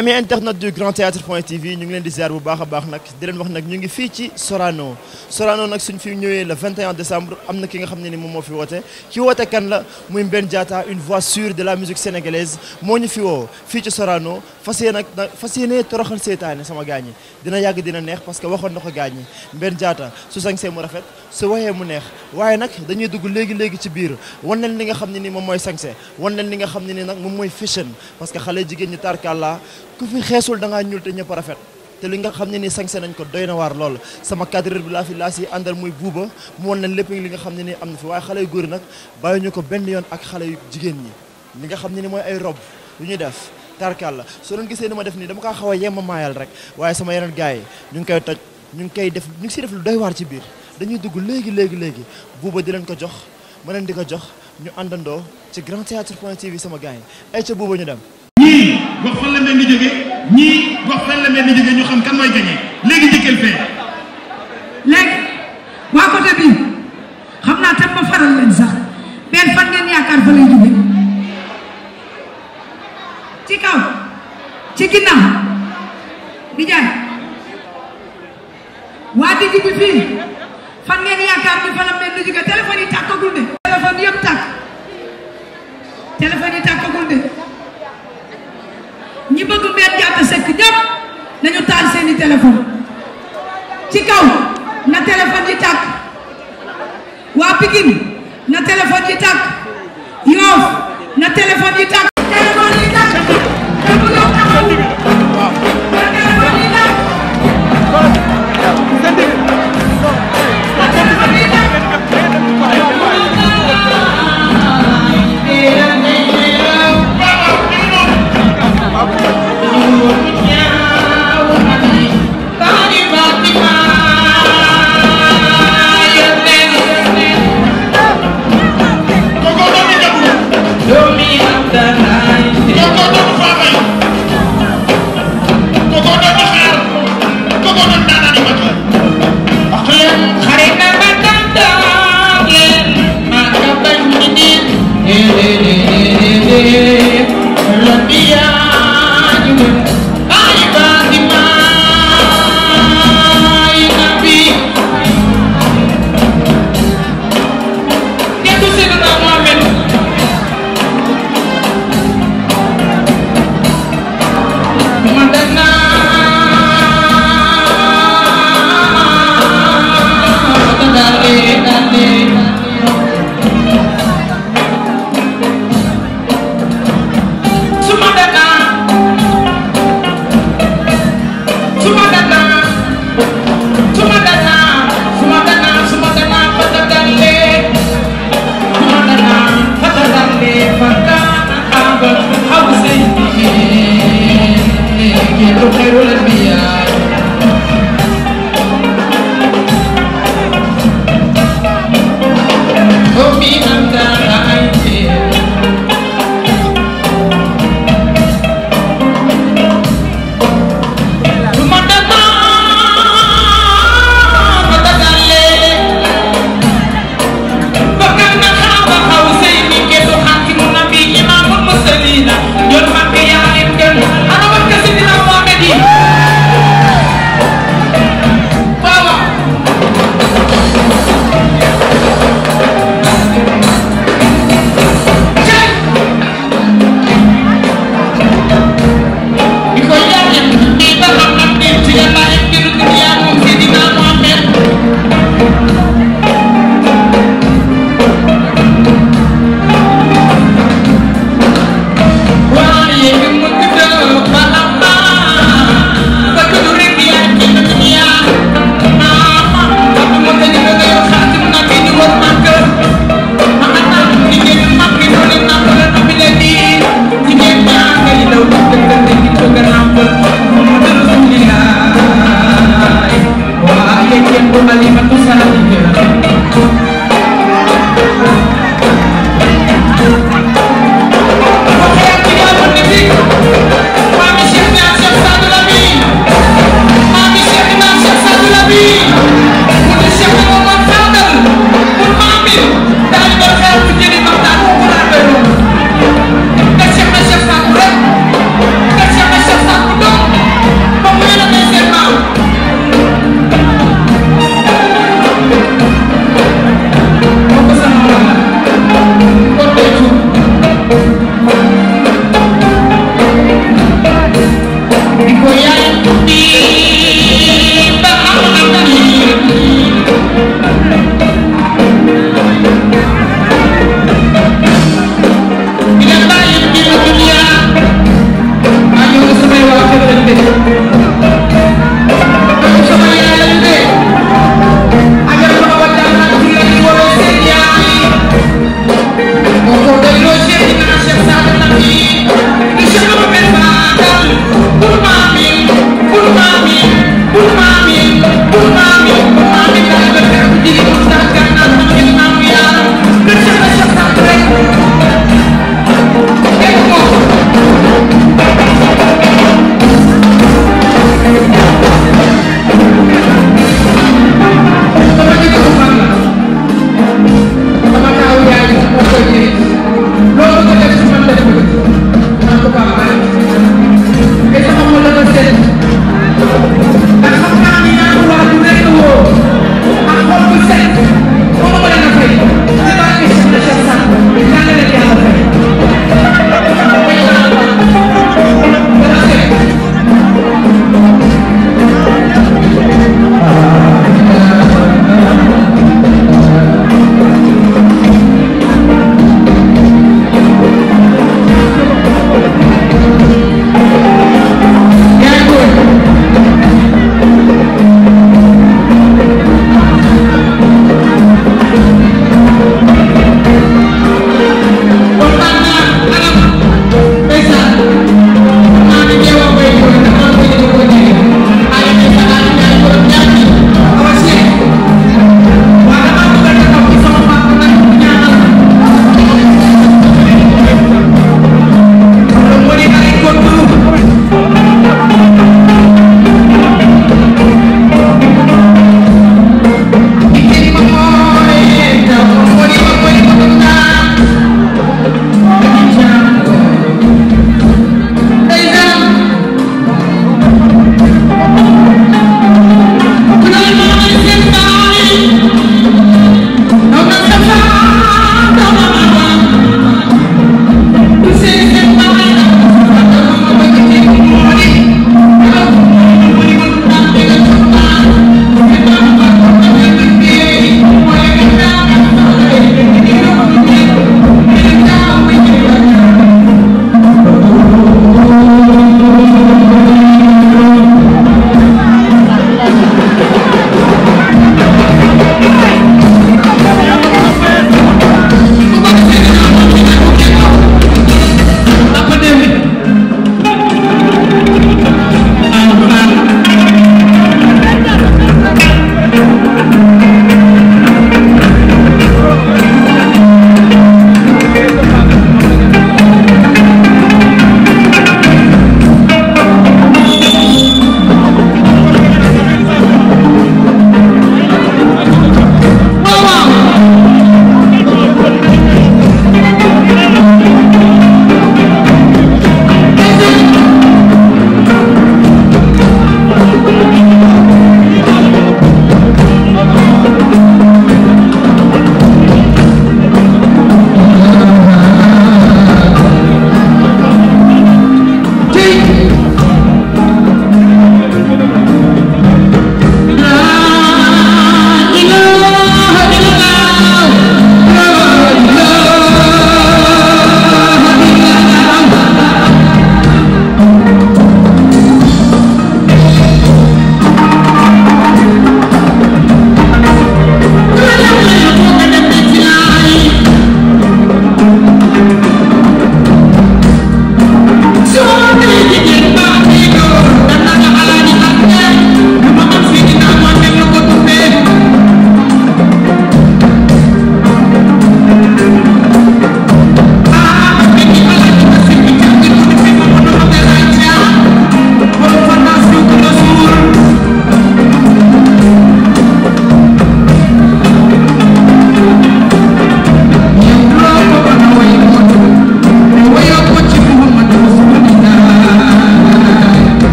amee internet du grand théâtre point tv ñu ngi leen di a baax nag di leen wax nag ñu ngi fii ci ñëwee le 21 décembre na ki nga ne moom moo fi woote ki woote kan la muy Mbène Diatta une voix sûre de la musique sénégalaise moo ñu fi woo fii ci Sorano fas yéene nag fas yéene toroxal seytaane sama gaañ yi dina yàgg dina neex parce que waxoon na ko gaañ yi Mbène Diatta su sañsee mu rafet su waxee mu neex waaye nag dañuy dugg léegi léegi ci biir wan leen li nga xam ne ni moom mooy sañse wan leen li nga xam ne ni nag moom mooy fashion parce que xale jigéen ñi tarkalla ku fi xéssul da ngaa ñuul te ñëpp rafet té li nga xamné ni sanxé nañ ko doyna war lool sama cadre bi la fi la ci andal muy buuba mu won nañ lépp li nga xamné ni amna fi way xalé yu góor nag bàyyi ñu ko benn yoon ak xalé yu jigéen ñi li nga xamné ni moy ay rob lu ñu def tarkal la soo leen gisé ni ma def ni dama ka xawa a yemma maayal rek waye sama yeneen gaay ñu ngi koy toj ñu ngi koy def ñu ngi ci def lu doy war ci biir dañuy dugg légui légui légui buuba di leen ko jox ma leen di ko jox ñu andando ci grand théâtre point tv sama gaay ay ci buuba ñu dem wax fan la mel ni jóge ñii wax fan la mel ni jóge ñu xam kan mooy gagné léegi njëkkal fee léegi waa côté bi xam naa tam ma faral leen sax benn fan ngeen yaakaar fa lay jóge ci kaw ci ginnaaw di jaay téléphone yi tàkk Yoff na téléphone yi tàkk I'm down.